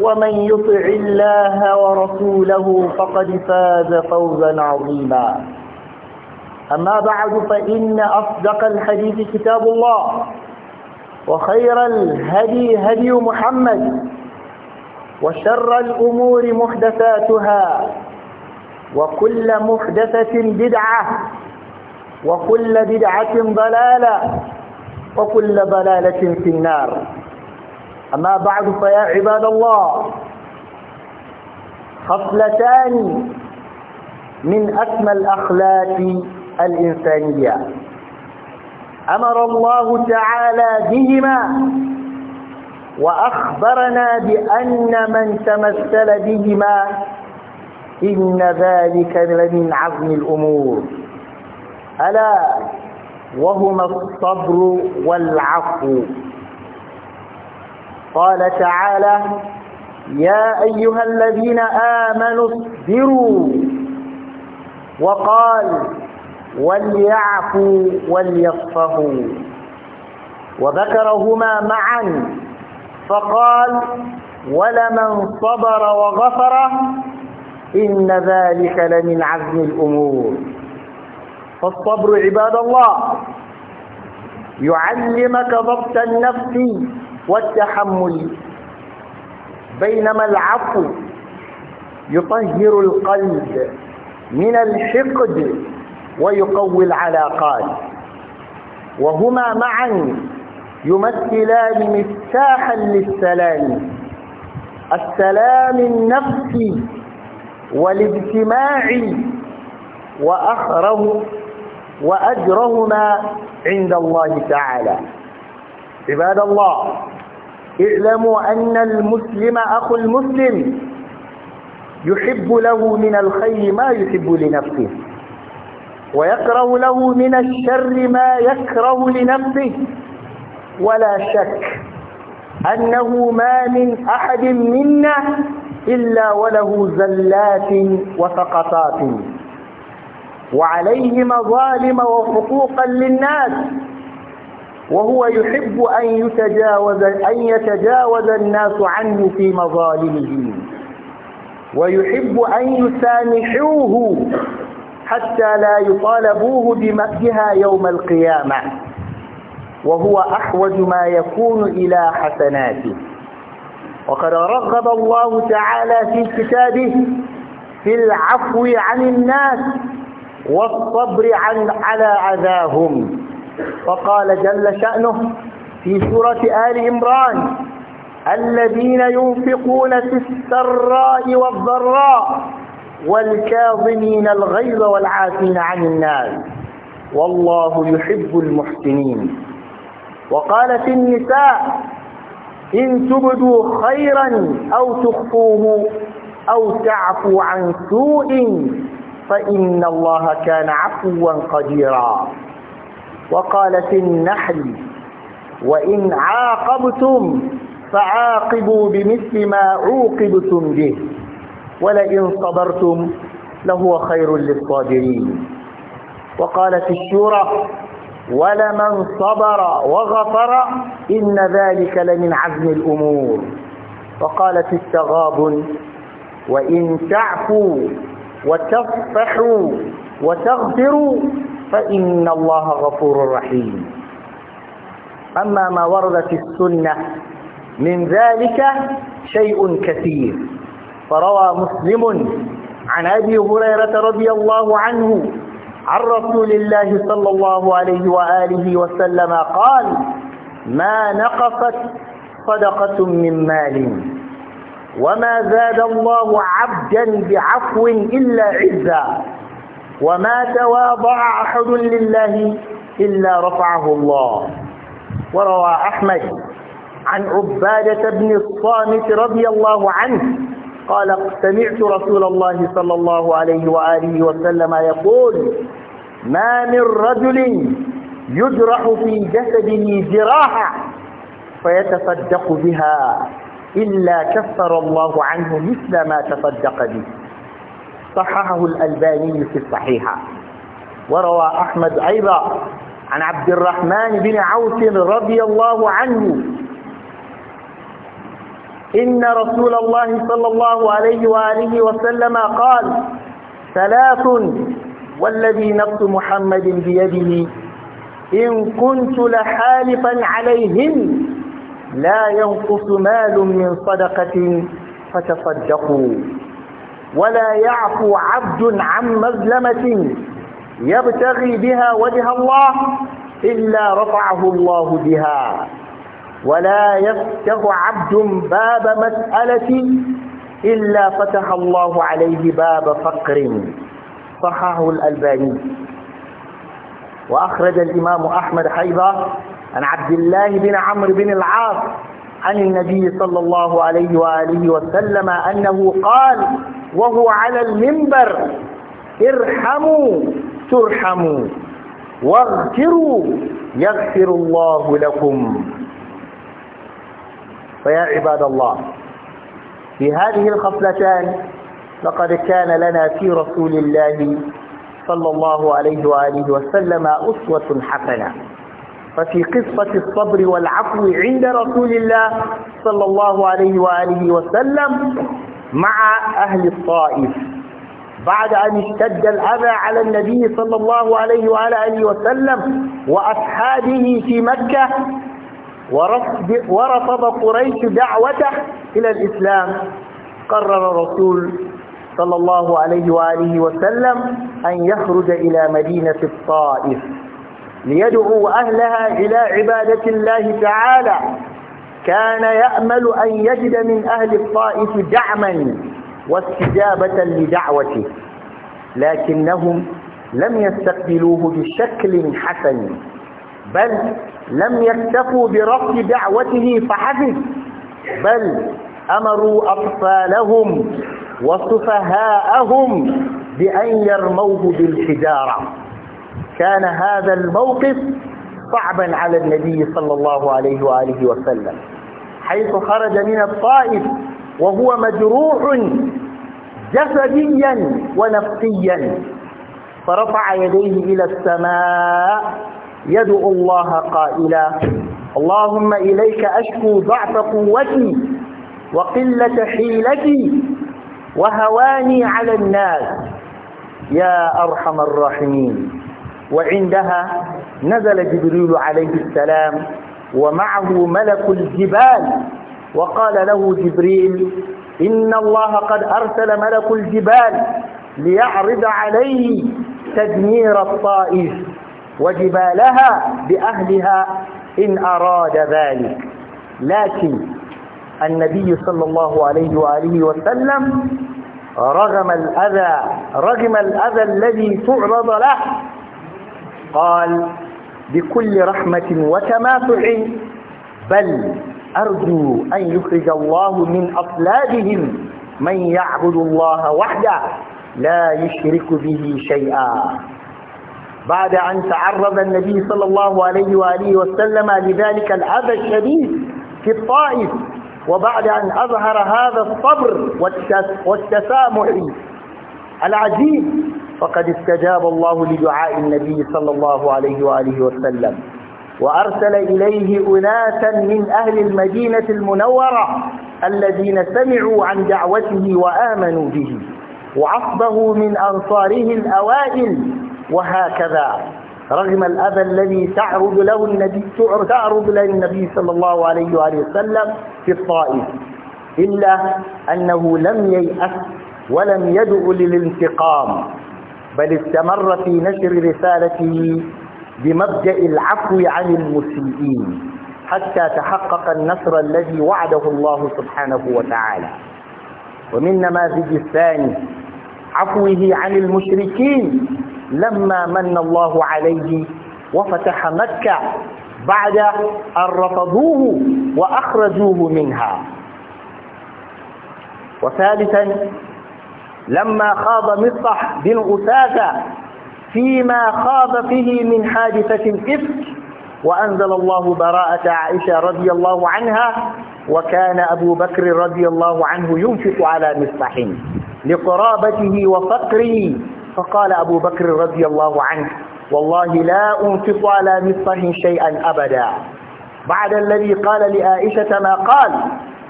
ومن يطع الله ورسوله فقد فاز فوزا عظيما أما بعد فإن أصدق الحديث كتاب الله وخير الهدي هدي محمد وشر الأمور محدثاتها وكل محدثة بدعة وكل بدعة ضلالة وكل ضلالة في النار أما بعد فيا عباد الله خصلتان من أسمى الأخلاق الإنسانية أمر الله تعالى بهما وأخبرنا بأن من تمثل بهما إن ذلك لمن عظم الأمور ألا وهما الصبر والعفو قال تعالى يا أيها الذين آمنوا اصبروا وقال وليعفوا وليصفهوا وذكرهما معا فقال ولمن صبر وغفر إن ذلك لمن عزم الأمور فالصبر عباد الله يعلمك ضبط النفس والتحمل بينما العفو يطهر القلب من الحقد ويقوي العلاقات وهما معا يمثلان مفتاحا للسلام السلام النفسي والاجتماعي وأخره وأجرهما عند الله تعالى عباد الله اعلموا أن المسلم أخو المسلم يحب له من الخير ما يحب لنفسه ويكره له من الشر ما يكره لنفسه ولا شك أنه ما من أحد منا إلا وله زلات وسقطات وعليه مظالم وحقوقا للناس وهو يحب أن يتجاوز أن يتجاوز الناس عنه في مظالمهم ويحب أن يسامحوه حتى لا يطالبوه بمأجها يوم القيامة وهو أحوج ما يكون إلى حسناته وقد رغب الله تعالى في كتابه في العفو عن الناس والصبر عن على أذاهم وقال جل شأنه في سورة آل عمران الذين ينفقون في السراء والضراء والكاظمين الغيظ والعافين عن الناس والله يحب المحسنين وقال في النساء إن تبدوا خيرا أو تخفوه أو تعفو عن سوء فإن الله كان عفوا قديرا وقال في النحل وإن عاقبتم فعاقبوا بمثل ما عوقبتم به ولئن صبرتم لهو خير للصابرين وقال في الشورى ولمن صبر وغفر إن ذلك لمن عزم الأمور وقال في التغاب وإن تعفوا وتصفحوا وتغفروا فإن الله غفور رحيم أما ما ورد في السنة من ذلك شيء كثير فروى مسلم عن أبي هريرة رضي الله عنه عن رسول الله صلى الله عليه وآله وسلم قال ما نقصت صدقة من مال وما زاد الله عبدا بعفو إلا عزا وما تواضع أحد لله إلا رفعه الله وروى أحمد عن عبادة بن الصامت رضي الله عنه قال سمعت رسول الله صلى الله عليه وآله وسلم يقول ما من رجل يجرح في جسده جراحة فيتصدق بها إلا كفر الله عنه مثل ما تصدق به صححه الألباني في الصحيحة وروى أحمد أيضا عن عبد الرحمن بن عوف رضي الله عنه إن رسول الله صلى الله عليه وآله وسلم قال ثلاث والذي نفس محمد بيده إن كنت لحالفا عليهم لا ينقص مال من صدقة فتصدقوا ولا يعفو عبد عن مظلمة يبتغي بها وجه الله إلا رفعه الله بها ولا يفتح عبد باب مسألة إلا فتح الله عليه باب فقر صححه الألباني وأخرج الإمام أحمد حيضا عن عبد الله بن عمرو بن العاص عن النبي صلى الله عليه وآله وسلم أنه قال وهو على المنبر ارحموا ترحموا واغفروا يغفر الله لكم فيا عباد الله في هذه الخصلتان لقد كان لنا في رسول الله صلى الله عليه وآله وسلم أسوة حسنة ففي قصة الصبر والعفو عند رسول الله صلى الله عليه وآله وسلم مع أهل الطائف بعد أن اشتد الأذى على النبي صلى الله عليه وعلى آله وسلم وأصحابه في مكة ورفض قريش دعوته إلى الإسلام قرر الرسول صلى الله عليه وآله وسلم أن يخرج إلى مدينة الطائف ليدعو أهلها إلى عبادة الله تعالى كان يأمل أن يجد من أهل الطائف دعما واستجابة لدعوته لكنهم لم يستقبلوه بشكل حسن بل لم يكتفوا برفض دعوته فحسب بل أمروا أطفالهم وسفهاءهم بأن يرموه بالحجارة كان هذا الموقف صعبا على النبي صلى الله عليه وآله وسلم حيث خرج من الطائف وهو مجروح جسديا ونفسيا فرفع يديه إلى السماء يدعو الله قائلا اللهم إليك أشكو ضعف قوتي وقلة حيلتي وهواني على الناس يا أرحم الراحمين وعندها نزل جبريل عليه السلام ومعه ملك الجبال وقال له جبريل إن الله قد أرسل ملك الجبال ليعرض عليه تدمير الطائف وجبالها بأهلها إن أراد ذلك لكن النبي صلى الله عليه وآله وسلم رغم الأذى رغم الأذى الذي تعرض له قال بكل رحمة وتماسع بل أرجو أن يخرج الله من أصلابهم من يعبد الله وحده لا يشرك به شيئا بعد أن تعرض النبي صلى الله عليه وآله وسلم لذلك الأذى الشديد في الطائف وبعد أن أظهر هذا الصبر والتسامح العجيب فقد استجاب الله لدعاء النبي صلى الله عليه وآله وسلم وأرسل إليه أناسا من أهل المدينة المنورة الذين سمعوا عن دعوته وآمنوا به وعصبه من أنصاره الأوائل وهكذا رغم الأذى الذي تعرض له النبي تعرض له النبي صلى الله عليه وآله وسلم في الطائف إلا أنه لم ييأس ولم يدع للانتقام بل استمر في نشر رسالته بمبدأ العفو عن المسيئين حتى تحقق النصر الذي وعده الله سبحانه وتعالى ومن نماذج الثاني عفوه عن المشركين لما من الله عليه وفتح مكة بعد أن رفضوه وأخرجوه منها وثالثا لما خاض مصطح بن أساسة فيما خاض فيه من حادثة الإفك وأنزل الله براءة عائشة رضي الله عنها وكان أبو بكر رضي الله عنه ينفق على مصطح لقرابته وفقره فقال أبو بكر رضي الله عنه والله لا أنفق على مصطح شيئا أبدا بعد الذي قال لعائشة ما قال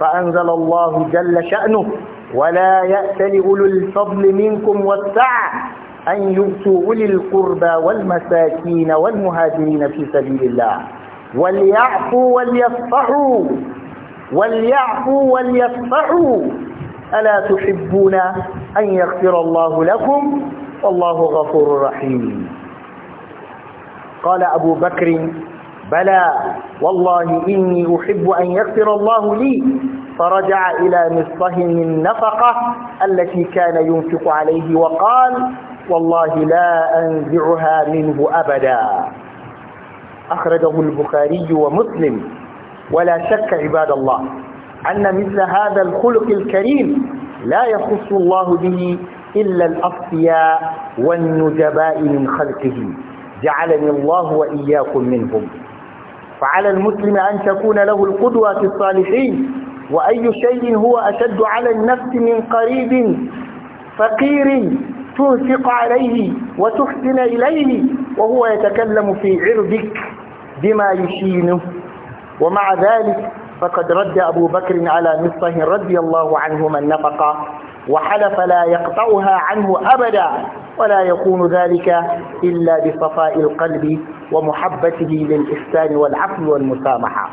فأنزل الله جل شأنه ولا يأتل أولو الفضل منكم والسعة أن يؤتوا أولي القربى والمساكين والمهاجرين في سبيل الله وليعفوا وليصفحوا وليعفوا وليصفحوا ألا تحبون أن يغفر الله لكم والله غفور رحيم قال أبو بكر بلى والله إني أحب أن يغفر الله لي فرجع إلى نصفه من نفقة التي كان ينفق عليه وقال والله لا أنزعها منه أبدا أخرجه البخاري ومسلم ولا شك عباد الله أن مثل هذا الخلق الكريم لا يخص الله به إلا الأصفياء والنجباء من خلقه جعلني الله وإياكم منهم فعلى المسلم أن تكون له القدوة في الصالحين وأي شيء هو أشد على النفس من قريب فقير تنفق عليه وتحسن إليه وهو يتكلم في عرضك بما يشينه ومع ذلك فقد رد أبو بكر على مصطه رضي الله عنهما النفقة وحلف لا يقطعها عنه أبدا ولا يكون ذلك إلا بصفاء القلب ومحبته للإحسان والعفو والمسامحة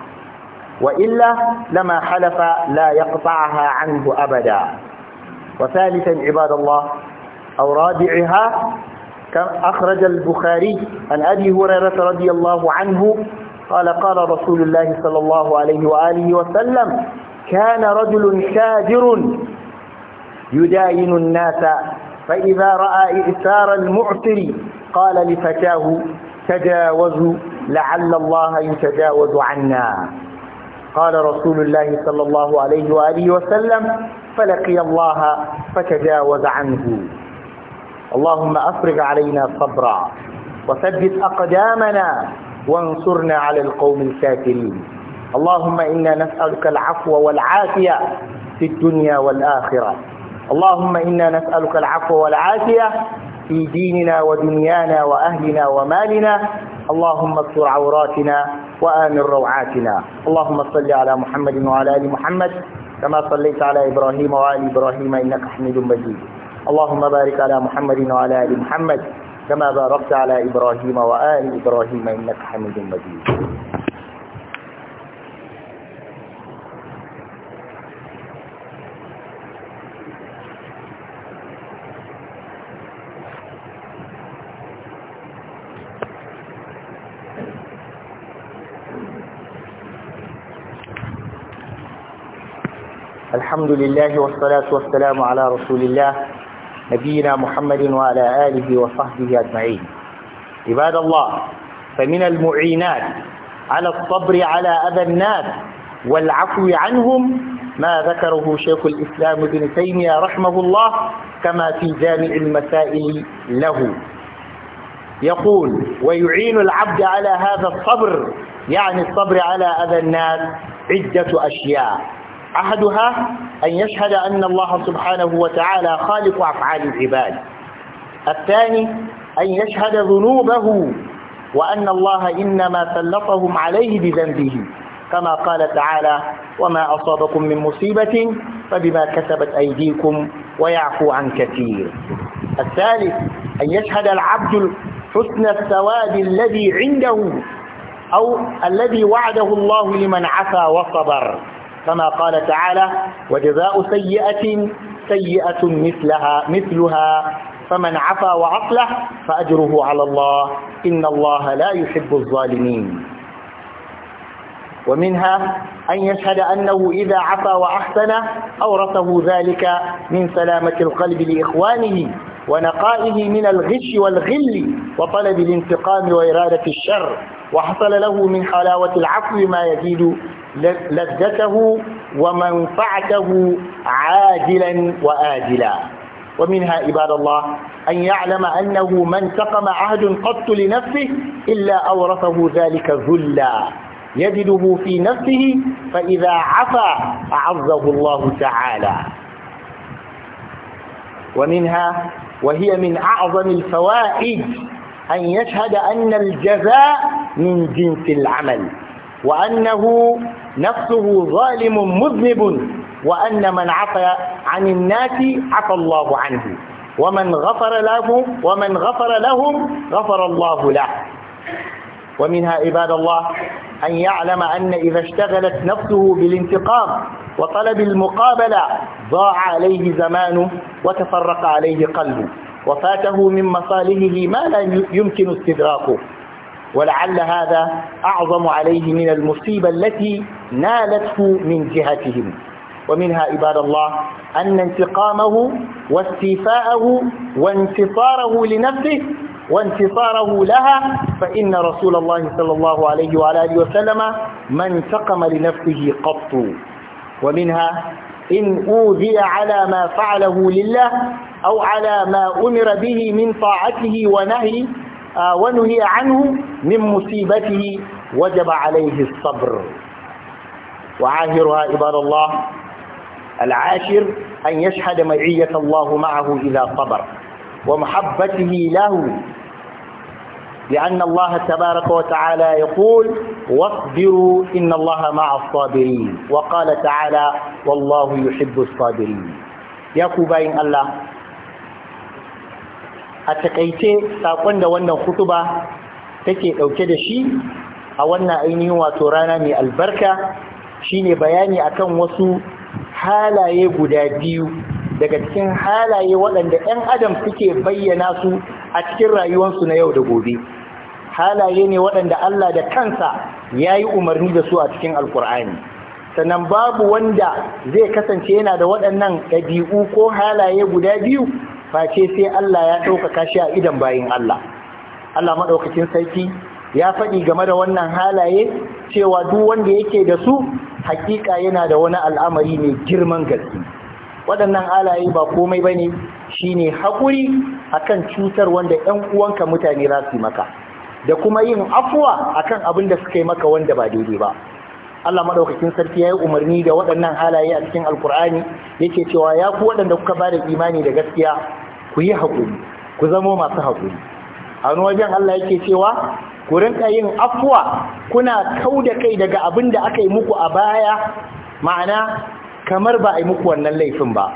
وإلا لما حلف لا يقطعها عنه أبدا وثالثا عباد الله أو رابعها أخرج البخاري عن أبي هريرة رضي الله عنه قال قال رسول الله صلى الله عليه وآله وسلم كان رجل شاجر يداين الناس فإذا رأى إثار المعسر قال لفتاه تجاوزوا لعل الله يتجاوز عنا قال رسول الله صلى الله عليه وآله وسلم فلقي الله فتجاوز عنه اللهم أفرغ علينا صبرا وثبت أقدامنا وانصرنا على القوم الكافرين اللهم إنا نسألك العفو والعافية في الدنيا والآخرة اللهم إنا نسألك العفو والعافية في ديننا ودنيانا وأهلنا ومالنا اللهم استر عوراتنا وآمن روعاتنا اللهم صل على محمد وعلى آل محمد كما صليت على إبراهيم وآل إبراهيم إنك حميد مجيد اللهم بارك على محمد وعلى آل محمد كما باركت على إبراهيم وآل إبراهيم إنك حميد مجيد الحمد لله والصلاة والسلام على رسول الله نبينا محمد وعلى آله وصحبه أجمعين عباد الله فمن المعينات على الصبر على أذى الناس والعفو عنهم ما ذكره شيخ الإسلام ابن تيمية رحمه الله كما في جامع المسائل له يقول ويعين العبد على هذا الصبر يعني الصبر على أذى الناس عدة أشياء أحدها أن يشهد أن الله سبحانه وتعالى خالق أفعال العباد الثاني أن يشهد ذنوبه وأن الله إنما سلطهم عليه بذنبه كما قال تعالى وما أصابكم من مصيبة فبما كسبت أيديكم ويعفو عن كثير الثالث أن يشهد العبد حسن الثواب الذي عنده أو الذي وعده الله لمن عفا وصبر كما قال تعالى وجزاء سيئة سيئة مثلها مثلها فمن عفا وعقله فأجره على الله إن الله لا يحب الظالمين ومنها أن يشهد أنه إذا عفا وأحسن أورثه ذلك من سلامة القلب لإخوانه ونقائه من الغش والغل وطلب الانتقام وإرادة الشر وحصل له من حلاوة العفو ما يزيد لذته ومنفعته عاجلا وآجلا ومنها عباد الله أن يعلم أنه من تقم عهد قط لنفسه إلا أورثه ذلك ذلا يجده في نفسه فإذا عفا أعزه الله تعالى ومنها وهي من أعظم الفوائد أن يشهد أن الجزاء من جنس العمل وأنه نفسه ظالم مذنب وأن من عفى عن الناس عفى الله عنه ومن غفر له ومن غفر لهم غفر الله له ومنها عباد الله أن يعلم أن إذا اشتغلت نفسه بالانتقام وطلب المقابلة ضاع عليه زمانه وتفرق عليه قلبه وفاته من مصالحه ما لا يمكن استدراكه ولعل هذا أعظم عليه من المصيبة التي نالته من جهتهم ومنها عباد الله أن انتقامه واستيفاءه وانتصاره لنفسه وانتصاره لها فإن رسول الله صلى الله عليه وعلى آله وسلم ما انتقم لنفسه قط ومنها إن أوذي على ما فعله لله أو على ما أمر به من طاعته ونهي آه، ونهي عنه من مصيبته وجب عليه الصبر وعاهرها عباد الله العاشر أن يشهد معية الله معه إذا صبر ومحبته له لأن الله تبارك وتعالى يقول واصبروا إن الله مع الصابرين وقال تعالى والله يحب الصابرين يا كوباين الله أتقيتي ساقون وانا خطبة take dauke da shi a wannan ainihin wato rana mai albarka shine bayani akan wasu halaye guda biyu daga cikin halaye waɗanda 'yan adam suke bayyana su a cikin rayuwarsu na yau da gobe halaye ne waɗanda Allah da kansa ya yi umarni da su a cikin alkur'ani sannan babu wanda zai kasance yana da waɗannan ɗabi'u ko halaye guda biyu face sai Allah ya ɗaukaka shi a idan bayin Allah Allah madaukakin sarki ya faɗi game da wannan halaye cewa duk wanda yake da su hakika yana da wani al'amari mai girman gaske waɗannan halaye ba komai bane haƙuri hakuri akan cutar wanda 'yan uwanka mutane za su maka da kuma yin afuwa akan abin da suka yi maka wanda ba daidai ba Allah madaukakin sarki ya yi umarni da waɗannan halaye a cikin Alkur'ani yake cewa ya ku waɗanda kuka ba da imani da gaskiya ku yi hakuri ku zamo masu haƙuri. a wajen Allah yake cewa ku rinka yin afwa kuna kauda kai daga abin da aka yi muku a baya ma'ana kamar ba a yi muku wannan laifin ba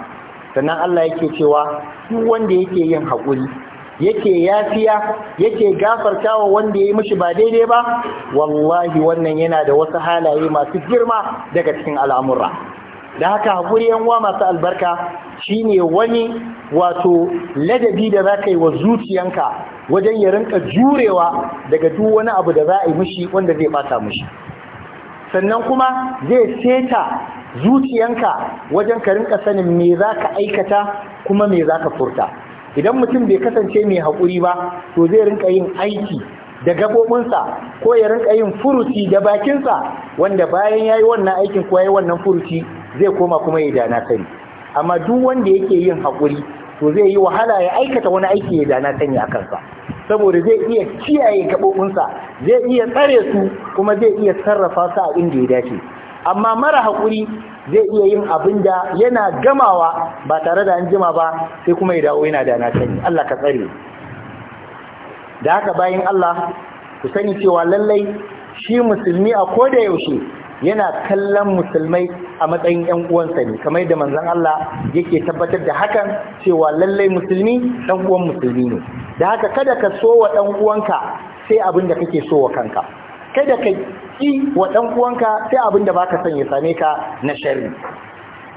sannan Allah yake cewa duk wanda yake yin haƙuri yake yafiya yake gafartawa wanda ya yi mishi ba daidai ba wallahi wannan yana da wasu halaye masu girma daga cikin al'amura da haka hakuri yan uwa masu albarka shi ne wani wato ladabi da za ka yi wa zuciyanka wajen ya rinka jurewa daga duk wani abu da za a yi mishi wanda zai bata mushi sannan kuma zai seta zuciyanka wajen ka rinka sanin me za ka aikata kuma me za ka furta idan mutum bai kasance mai hakuri ba to zai rinka yin aiki da gabobinsa ko ya rinka yin furuci da bakinsa wanda bayan ya yi wannan aikin ko ya yi wannan furuci zai koma kuma ya dana sani amma duk wanda yake yin hakuri to zai yi wahala ya aikata wani aiki ya dana sani a kansa saboda zai iya kiyaye gaɓoɓinsa zai iya tsare su kuma zai iya sarrafa su a inda ya dace amma mara hakuri zai iya yin abin da yana gamawa ba tare da an jima ba sai kuma ya dawo yana dana sani Allah ka tsare da haka bayan Allah ku sani cewa lallai shi musulmi a koda yaushe yana kallon musulmai a matsayin yan uwansa ne kamar da manzon Allah yake tabbatar da hakan cewa lallai musulmi ɗan uwan musulmi ne da haka kada ka so wa ɗan uwanka sai abin da kake so wa kanka kada ka ki wa ɗan uwanka sai abin da baka son ya same ka na sharri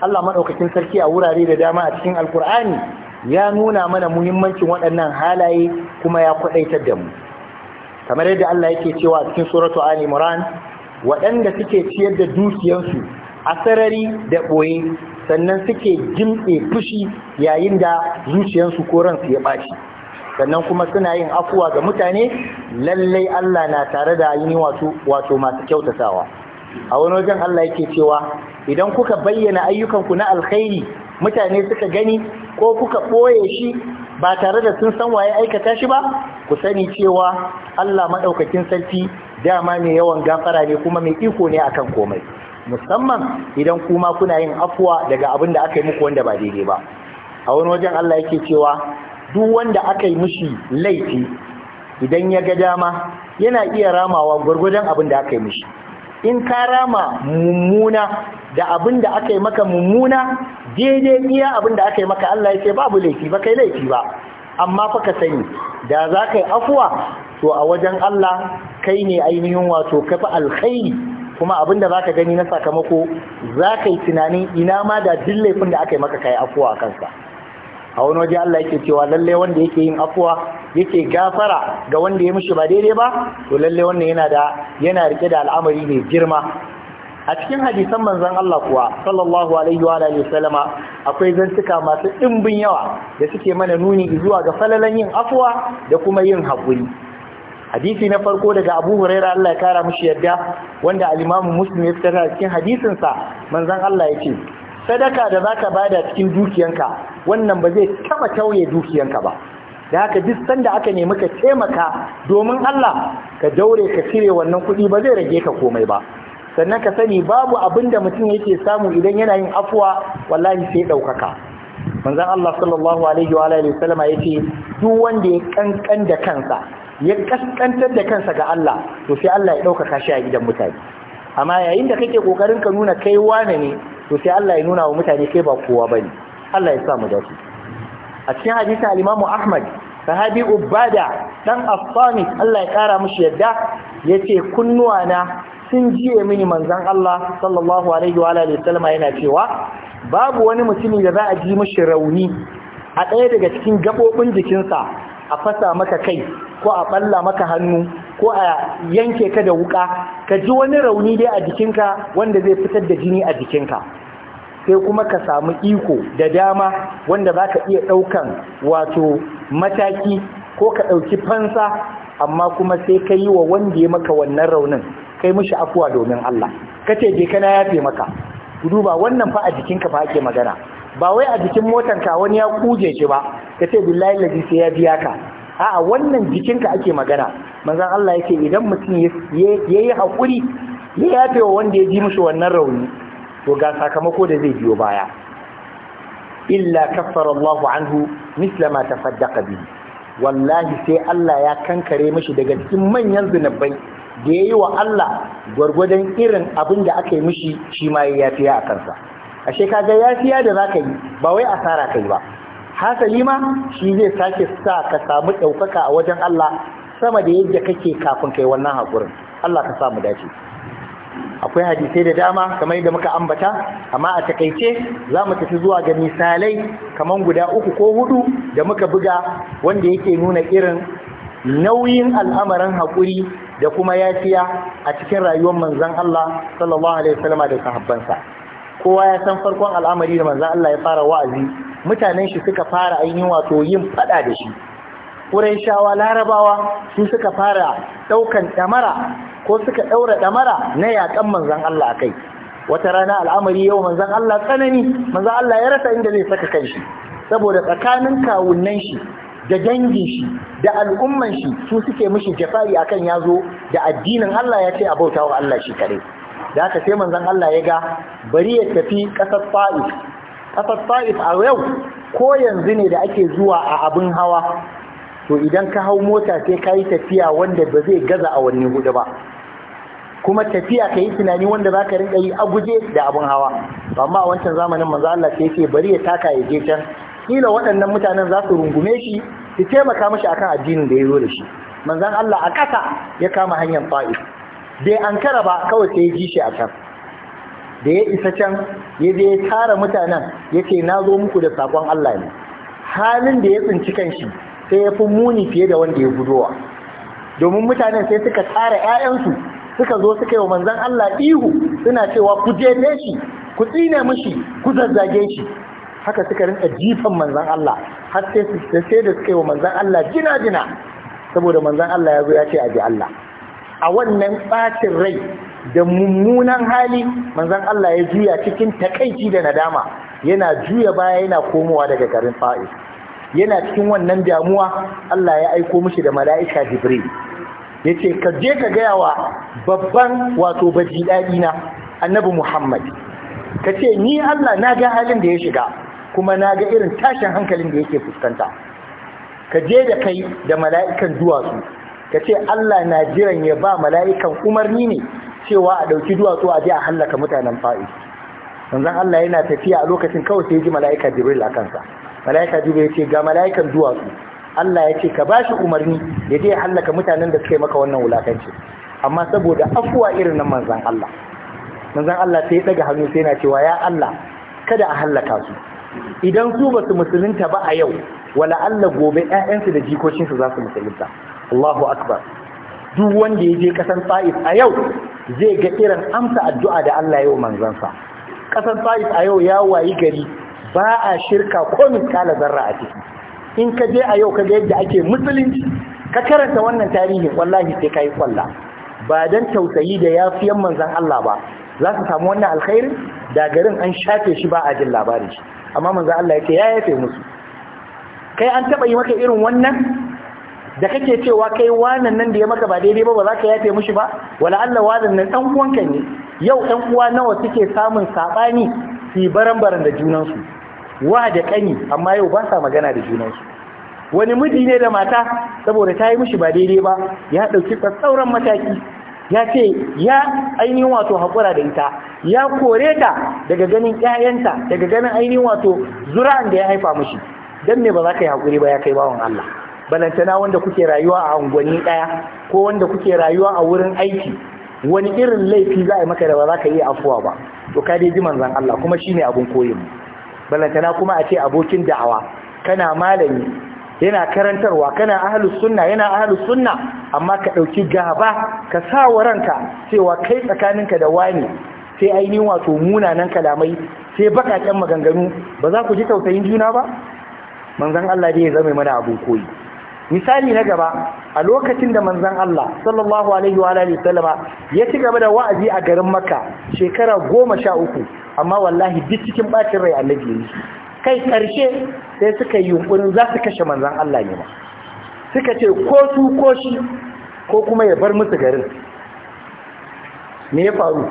Allah madaukakin sarki a wurare da dama a cikin alkur'ani ya nuna mana muhimmancin waɗannan halaye kuma ya kwadaitar da mu kamar yadda Allah yake cewa cikin suratu Ali Imran waɗanda suke ciyar da dukiyarsu a sarari da ɓoye sannan suke jimɗe fushi yayin da zuciyarsu ko ransu ya ɓaci sannan kuma suna yin afuwa ga mutane lallai Allah na tare da yi wato wato masu kyautatawa a wani wajen Allah yake cewa idan kuka bayyana ayyukanku na alkhairi mutane suka gani ko kuka ɓoye shi ba tare da sun san waye aikata shi ba ku sani cewa Allah maɗaukakin sarki dama mai yawan gafara ne kuma mai iko ne akan komai musamman idan kuma kuna yin afuwa daga abin da aka yi muku wanda ba daidai ba a wani wajen Allah yake cewa duk wanda aka yi mishi laifi idan ya ga dama yana iya ramawa gwargwadon abin da aka yi mishi in ka rama mummuna da abin da aka yi maka mummuna daidai iya abin da aka yi maka Allah yake ce babu laifi ba kai laifi ba amma fa ka sani da za ka yi afuwa to a wajen Allah kai ne ainihin wato kafi alkhairi kuma abin abinda zaka gani na sakamako za ka yi tunanin ina ma da duk laifin da aka yi maka kai afuwa a kansa a wani waje Allah yake cewa lalle wanda yake yin afuwa yake gafara ga wanda ya mishi ba daidai ba to lalle wannan yana da yana rike da al'amari mai girma a cikin hadisan manzon Allah kuwa sallallahu alaihi wa alihi sallama akwai zantuka masu dimbin yawa da suke mana nuni zuwa ga falalan yin afuwa da kuma yin hakuri hadisi na farko daga Abu Huraira Allah ya kara mushi yadda wanda alimamu Muslim ya fitar cikin hadisinsa, manzan Allah ya ce sadaka da za ka bada cikin dukiyanka wannan ba zai taba tauye dukiyanka ba da haka duk sanda aka nemi ka taimaka domin Allah ka daure ka cire wannan kuɗi ba zai rage ka komai ba sannan ka sani babu abin da mutum yake samu idan yana yin afuwa wallahi sai ɗaukaka manzan Allah sallallahu alaihi wa alihi wasallama yace duk wanda ya kankan da kansa ya kaskantar da kansa ga Allah to sai Allah ya ɗaukaka shi a gidan mutane amma yayin da kake kokarin ka nuna kai wane ne to sai Allah ya nuna wa mutane kai ba kowa bane Allah ya sa mu dace a cikin hadisi al-Imam Ahmad sahabi Ubada dan as Allah ya kara mishi yadda yace kunnuwa na sun jiye mini manzon Allah sallallahu alaihi wa alihi yana cewa babu wani mutumi da za a ji mishi rauni a ɗaya daga cikin gabobin jikinsa a fasa maka kai ko a balla maka hannu ko a yanke ka da wuka ka ji wani rauni dai a jikinka wanda zai fitar da jini a jikinka sai kuma ka samu iko da dama wanda za ka iya ɗaukan wato mataki ko ka ɗauki fansa amma kuma sai ka yi wa wanda ya maka wannan raunin kai mishi afuwa domin Allah ka ce je kana yafe maka duba wannan fa a jikinka fa ake magana ba wai a jikin ka wani ya kuje shi ba ka ce billahi lazi sai ya biya ka a'a wannan jikinka ake magana manzon Allah yake idan mutum ya yi hakuri ya yafe wa wanda ya ji mishi wannan rauni to ga sakamako da zai biyo baya illa kaffara Allahu anhu misla ma tafaddaqa bihi wallahi sai Allah ya kankare mishi daga cikin manyan zunubai da yayi wa Allah gwargwadon irin abin da aka yi mishi shi ma ya yafiya a kansa ashe ya yafiya da za ka yi ba wai asara kai ba hasali ma shi zai sake sa ka samu ɗaukaka a wajen Allah sama da yadda kake kafin kai wannan haƙurin Allah ka samu dace akwai hadisai da dama kamar yadda muka ambata amma a takaice za mu tafi zuwa ga misalai kamar guda uku ko hudu da muka buga wanda yake nuna irin nauyin al'amarin haƙuri da kuma yafiya a cikin rayuwar manzon Allah sallallahu alaihi wasallam da sahabbansa kowa ya san farkon al'amari da manzan Allah ya fara wa'azi mutanen shi suka fara ainihin wato yin fada da shi shawa larabawa su suka fara ɗaukan ɗamara ko suka ɗaura ɗamara na yaƙan manzan Allah kai wata rana al'amari yau manzan Allah tsanani manzan Allah ya rasa inda zai saka shi saboda tsakanin kawunan shi da dangin shi da al'umman shi su suke mishi jafa'i akan zo, da addinin Allah ya ce a wa Allah shi kare da aka ce manzan Allah ya ga bari ya tafi kasar Faif kasar Faif a yau ko yanzu ne da ake zuwa a abin hawa to idan ka hau mota sai ka yi tafiya wanda ba zai gaza a awanni hudu ba kuma tafiya ka yi tunani wanda za ka rinka yi a guje da abin hawa amma a wancan zamanin manzo Allah sai ce bari ya taka ya je can kila waɗannan mutanen za su rungume shi su taimaka mashi akan addinin da ya zo da shi Manzan Allah a ƙasa ya kama hanyar fa'id. bai ankara ba kawai sai ya ji shi a can da ya isa can ya je ya tara mutanen ya ce na zo muku da sakon Allah ne halin da ya tsinci kanshi sai ya fi muni fiye da wanda ya gudowa domin mutanen sai suka tsara 'ya'yansu suka zo suka yi wa manzan Allah ihu suna cewa ku jefe shi ku tsine mishi ku zazzage shi haka suka rinka jifan manzan Allah har sai da suka yi wa manzan Allah jina jina saboda manzan Allah ya zo ya ce a ji Allah a wannan ɓacin rai da mummunan hali manzon Allah ya juya cikin takaici da nadama yana juya baya yana komowa daga garin fa’i yana cikin wannan damuwa Allah ya aiko mushi da mala'ika Jibril ce ka je ka gaya wa babban wato baji dadi na Annabi Muhammad ka ce ni Allah na ga halin da ya shiga kuma na ga irin tashin hankalin da yake fuskanta ka je da kai da mala'ikan duwatsu ka ce Allah na jiran ya ba mala'ikan umarni ne cewa a ɗauki duwatsu a je a hallaka mutanen fa'i Sanzan Allah yana tafiya a lokacin kawai sai ji mala'ika jibril a kansa mala'ika jibril ya ce ga mala'ikan duwatsu Allah ya ce ka ba shi umarni ya je ya hallaka mutanen da suka yi maka wannan wulakanci amma saboda afuwa irin nan manzan Allah manzan Allah sai ya hannu sai na cewa ya Allah kada a hallaka su idan su ba su musulunta ba a yau wala Allah gobe 'ya'yansu da jikokinsu za su musulunta Allahu akbar duk wanda ya je kasan Taif a yau zai ga irin amsa addu'a da Allah yau manzansa kasan Taif a yau ya wayi gari ba a shirka ko kala zarra a ciki in ka je a yau ka ga yadda ake musulunci ka karanta wannan tarihin wallahi sai ka yi kwalla ba dan tausayi da yafiyan manzan Allah ba za su samu wannan alkhairin da garin an shafe shi ba a jin labarin shi amma manzan Allah yake ya yafe musu kai an taɓa yi maka irin wannan da kake cewa kai wannan nan da ya maka ba daidai ba ba za ka yafe mushi ba wala Allah wannan nan dan uwanka ne yau ɗan uwa nawa suke samun sabani su barambaran baran da junansu wa da kani amma yau ba sa magana da junansu wani miji ne da mata saboda ta yi mushi ba daidai ba ya ɗauki tsauran mataki ya ce ya ainihin wato hakura da ita ya kore ta daga ganin ƴaƴanta daga ganin ainihin wato zura'an da ya haifa mushi dan ne ba za ka yi hakuri ba ya kai bawan Allah balantana wanda kuke rayuwa a unguwanni ɗaya ko wanda kuke rayuwa a wurin aiki wani irin laifi za a yi maka da ba za ka iya afuwa ba to ka dai ji manzon Allah kuma shine abun koyin balantana kuma a ce abokin da'awa kana malami yana karantarwa kana ahlus sunna yana ahlus sunna amma ka dauki gaba ka sa wa ranka cewa kai tsakaninka da wani sai ainihin wato munanan kalamai sai baƙaƙen maganganu ba za ku ji tausayin juna ba manzon Allah dai ya zama mana abun koyi misali na gaba a lokacin da manzan Allah sallallahu alaihi wa alihi sallama ya ci gaba da wa'azi a garin Makka shekara goma sha uku amma wallahi duk cikin bacin rai annabi yayi kai karshe sai suka yi yunkurin za su kashe manzan Allah ne ba suka ce ko su ko shi ko kuma ya bar musu garin me ya faru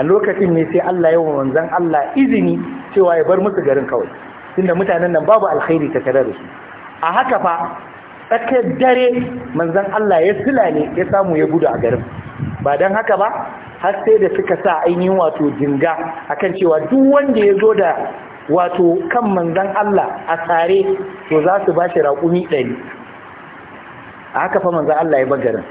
a lokacin ne sai Allah ya wa manzan Allah izini cewa ya bar musu garin kawai tunda mutanen nan babu alkhairi tare da su a haka fa tsakar dare manzan Allah ya ne ya samu ya gudu a garin ba don haka ba har sai da suka sa ainihin wato jinga akan cewa duk wanda ya zo da wato kan manzan Allah a tsare to za su ba shi raƙumi ɗari a haka fa manzan Allah ya bagarin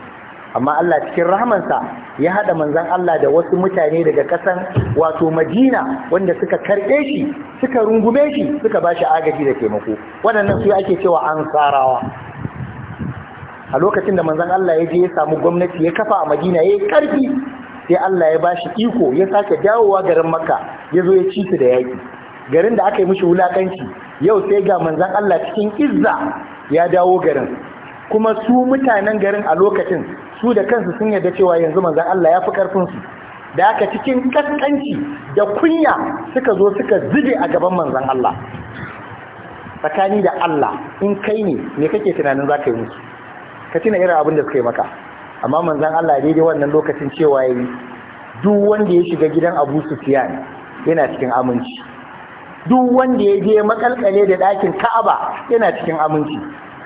amma Allah cikin rahamansa ya haɗa manzan Allah da wasu mutane daga ƙasan wato Madina wanda suka karɓe shi suka rungume shi suka ba shi agaji da taimako waɗannan su ake cewa an tsarawa. a lokacin da manzan Allah ya je ya samu gwamnati ya kafa a Madina yayi karfi sai Allah ya bashi iko ya sake dawowa garin Makka ya zo ya ci su da yaki garin da aka yi mishi wulakanci yau sai ga manzan Allah cikin izza ya dawo garin kuma su mutanen garin a lokacin su da kansu sun yarda cewa yanzu manzan Allah ya fi karfin su da aka cikin kaskanci da kunya suka zo suka zube a gaban manzon Allah tsakani da Allah in kai ne me kake tunanin zaka yi musu ka tuna irin abin da suka yi maka amma manzan Allah daidai wannan lokacin cewa yi duk wanda ya shiga gidan Abu Sufyan yana cikin aminci duk wanda ya je makalkale da ɗakin Ka'aba yana cikin aminci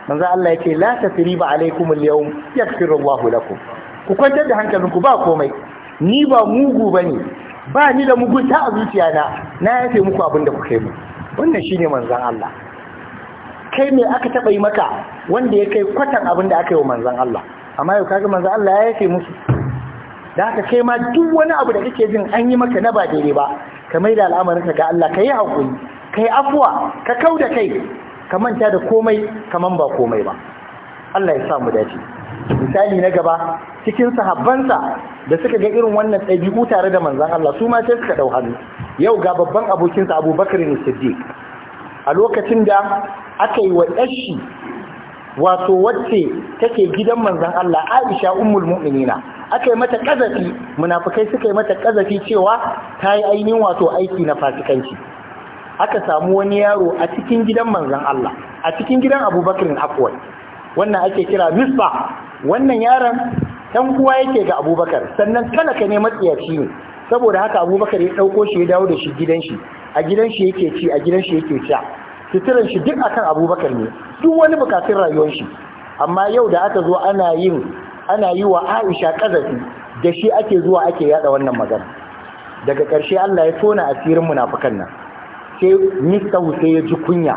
manzan Allah ya ce la tasriba alaikum al-yawm yaghfiru wahu lakum ku kwantar da hankalinku ba komai ni ba mugu bane ba ni da mugunta a zuciyana na yafe muku abin da ku yi mu wannan shine manzan Allah kai mai aka taɓa yi maka wanda ya kai kwatan abin da aka yi wa manzan Allah amma yau kaga manzan Allah ya yake musu da haka kai ma duk wani abu da kake jin an yi maka na ba daidai ba ka mai da al'amarin ka ga Allah ka yi hakuri ka yi afuwa ka kau da kai ka manta da komai kaman ba komai ba Allah ya sa mu dace misali na gaba cikin sahabbansa da suka ga irin wannan ɗabi'u tare da manzan Allah su ma sai suka dau hannu yau ga babban abokinsa Abubakar Siddiq a lokacin da aka yi wa ɗashi wato wacce take gidan manzan Allah Aisha ummul mu'minina aka yi mata ƙazafi munafukai suka yi mata ƙazafi cewa ta yi ainihin wato aiki na fasikanci aka samu wani yaro a cikin gidan manzan Allah a cikin gidan Abubakar Afwan wannan ake kira Misba wannan yaron ɗan kuwa yake ga Abubakar sannan ka ne matsiyaci ne saboda haka Abubakar ya ɗauko shi ya dawo da shi gidan shi a gidan shi yake ci a gidan shi yake sha fitiran shi duk akan abubakar ne duk wani bukatun rayuwar shi amma yau da aka zo ana yin ana yi wa aisha kazafi da shi ake zuwa ake yada wannan magana daga ƙarshe allah ya tona asirin munafukan nan sai mista Hussein ya ji kunya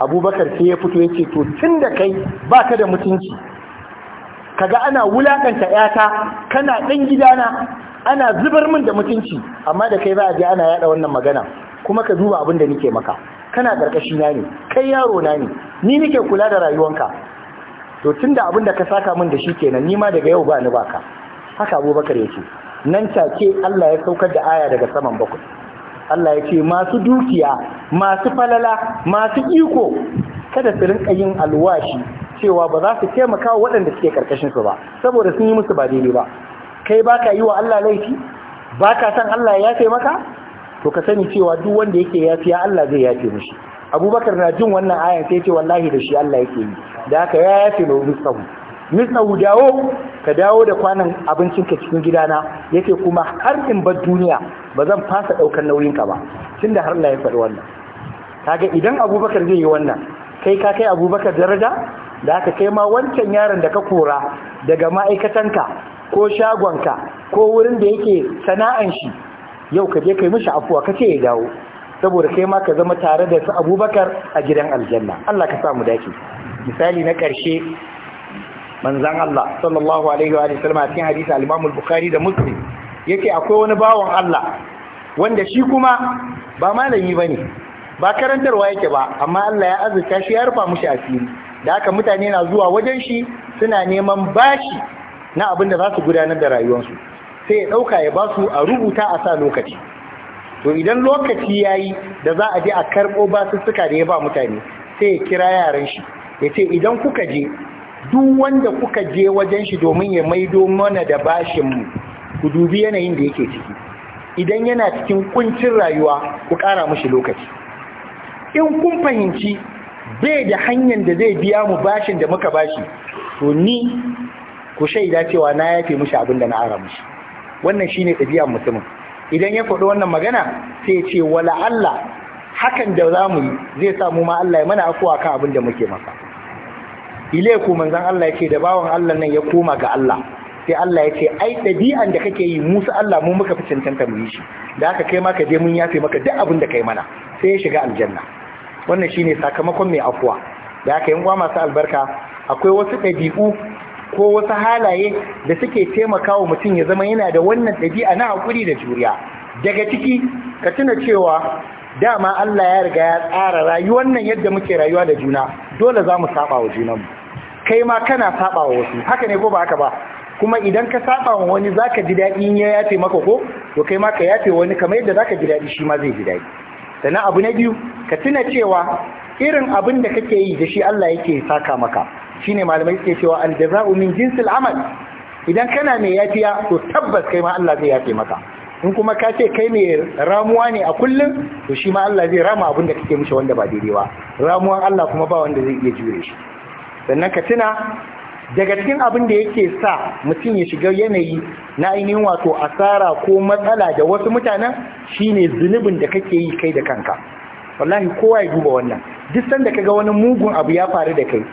abubakar sai ya fito ya ce to tun da kai baka da mutunci kaga ana wulakanta yata kana ɗan gidana ana zubar min da mutunci amma da kai za a je ana yada wannan magana kuma ka duba abin da nike maka kana karkashi na ne kai yaro na ne ni nake kula da rayuwanka to tunda abin da ka saka min da shi kenan ni ma daga yau ba ni baka haka abubakar yake nan take Allah ya saukar da aya daga saman bakwai Allah ya ce masu dukiya masu falala masu iko kada su rinka yin alwashi cewa ba za su taimaka wa waɗanda suke karkashin su ba saboda sun yi musu ba daidai ba kai baka yi wa Allah laifi baka san Allah ya taimaka to ka sani cewa duk wanda yake yafiya Allah zai yafe mishi abubakar na jin wannan ayan sai ce wallahi da shi Allah yake yi da haka ya yafe mai misahu misahu dawo ka dawo da kwanan ka cikin gidana yake kuma har in bar duniya ba zan fasa daukar ka ba tunda har Allah ya faɗi wannan kaga idan abubakar zai yi wannan kai ka kai abubakar daraja da haka kai ma wancan yaron da ka kora daga ma'aikatanka ko shagonka ko wurin da yake sana'an shi yau ka je kai mishi afuwa ka ce ya dawo saboda kai ma ka zama tare da su abubakar a gidan aljanna Allah ka samu dace misali na ƙarshe manzan Allah sallallahu alaihi wa sallam a cikin hadisi al-Imam bukhari da Muslim yake akwai wani bawon Allah wanda shi kuma ba malami bane ba karantarwa yake ba amma Allah ya azurta shi ya rufa mushi asiri da haka mutane na zuwa wajen shi suna neman bashi na abin da za su gudanar da rayuwarsu sai ya ɗauka ya ba su a rubuta a sa lokaci to idan lokaci ya yi da za a je a karɓo suka da ya ba mutane sai ya kira yaran shi ya ce idan kuka je duk wanda kuka je wajen shi domin ya maido mana da bashinmu ku dubi yanayin da yake ciki idan yana cikin kuncin rayuwa ku ƙara mashi lokaci in kun fahimci bai da hanyar da zai biya mu bashin da muka bashi to ni ku shaida cewa na yafe mashi abin da na ara mashi wannan shine ɗabi'ar mutumin idan ya faɗo wannan magana sai ce wala Allah hakan da za mu yi zai samu ma Allah ya mana afuwa kan abin da muke masa ile ku manzon Allah ya ce da bawan Allah nan ya koma ga Allah sai Allah ya ce ai ɗabi'an da kake yi musu Allah mu muka fi cancanta mu yi shi da aka kai maka ka je mun yafe maka duk abin da kai mana sai ya shiga aljanna wannan shine sakamakon mai afuwa da haka yan uwa masu albarka akwai wasu ɗabi'u ko wasu halaye da suke taimakawa mutum ya zama yana da wannan ɗabi'a na haƙuri da juriya daga ciki ka tuna cewa dama Allah ya riga ya tsara rayuwar nan yadda muke rayuwa da juna dole za mu saba wa junanmu kai ma kana saba wa wasu haka ne ko ba haka ba kuma idan ka saba wa wani ka ji daɗi in ya yafe maka ko to kai ma ka yafe wani kamar yadda za ka ji daɗi shi ma zai ji daɗi sannan abu na biyu ka tuna cewa irin abin da kake yi da shi Allah yake saka maka shine malamai suke cewa aljaza'u min jinsil amal idan kana mai yafiya to tabbas kai ma Allah zai yafe maka in kuma ka ce kai mai ramuwa ne a kullum to shi ma Allah zai rama abin da kake mishi wanda ba daidai ba ramuwan Allah kuma ba wanda zai iya jure shi sannan ka tuna daga cikin abin da yake sa mutum ya shiga yanayi na ainihin wato asara ko matsala da wasu mutanen shine zunubin da kake yi kai da kanka wallahi kowa ya duba wannan duk sanda kaga wani mugun abu ya faru da kai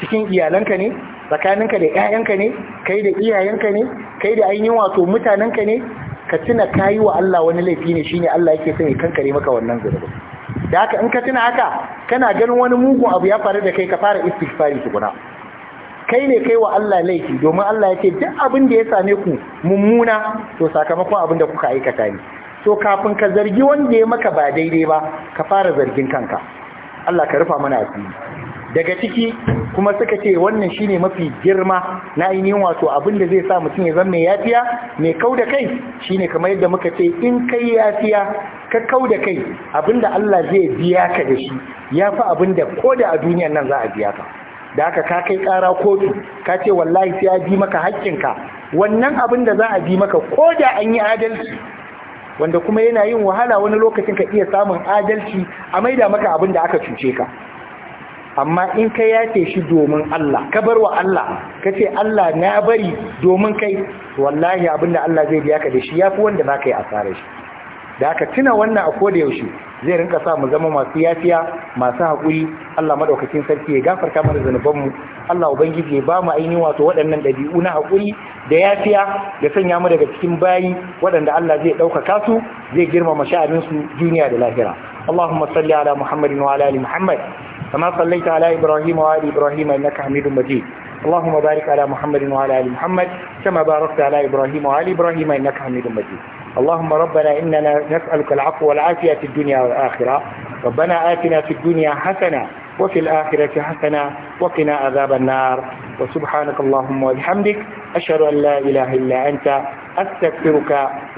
cikin iyalanka ne tsakaninka da 'ya'yanka ne kai da iyayenka ne kai da ainihin wato mutanenka ne ka tuna kayi wa Allah wani laifi ne shine Allah yake son ya kankare maka wannan zunubin da haka in ka tuna haka kana ganin wani mugu abu ya faru da kai ka fara istighfari tukuna kai ne kai wa Allah laifi domin Allah yake duk abin da ya same ku mummuna to sakamakon abin da kuka aikata ne so kafin ka zargi wanda ya maka ba daidai ba ka fara zargin kanka Allah ka rufa mana asiri daga ciki kuma suka ce wannan shine mafi girma na ainihin wato abin da zai sa mutum ya zama mai yafiya mai kau da kai shine kamar yadda muka ce in kai yafiya ka kau da kai abinda Allah zai biya ka da shi yafi abinda ko da a duniyan nan za a biya ka da haka ka kai kara kotu ka ce wallahi sai a bi maka haƙƙinka wannan abin da za a bi maka ko da an yi adalci wanda kuma yana yin wahala wani lokacin ka iya samun adalci a maida maka abin da aka cuce ka amma in ka yace shi domin Allah ka bar wa Allah ka ce Allah na bari domin kai wallahi abinda Allah zai biya ka da shi yafi wanda za ka yi asarar shi da aka tuna wannan a koda yaushe zai rinka sa mu zama masu yafiya masu haƙuri Allah madaukakin sarki ya gafarta mana mu Allah ubangiji ya ba mu ainihin wato waɗannan ɗabi'u na hakuri da yafiya da sanya mu daga cikin bayi waɗanda Allah zai ɗaukaka su zai girmama sha'anin su duniya da lahira اللهم صل على محمد وعلى ال محمد كما صليت على ابراهيم وعلى ابراهيم انك حميد مجيد اللهم بارك على محمد وعلى ال محمد كما باركت على ابراهيم وعلى ابراهيم انك حميد مجيد اللهم ربنا اننا نسالك العفو والعافيه في الدنيا والاخره ربنا اتنا في الدنيا حسنه وفي الآخرة حسنة وقنا عذاب النار وسبحانك اللهم وبحمدك أشهد أن لا إله إلا أنت أستغفرك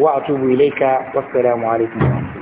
وأتوب إليك والسلام عليكم ورحمة الله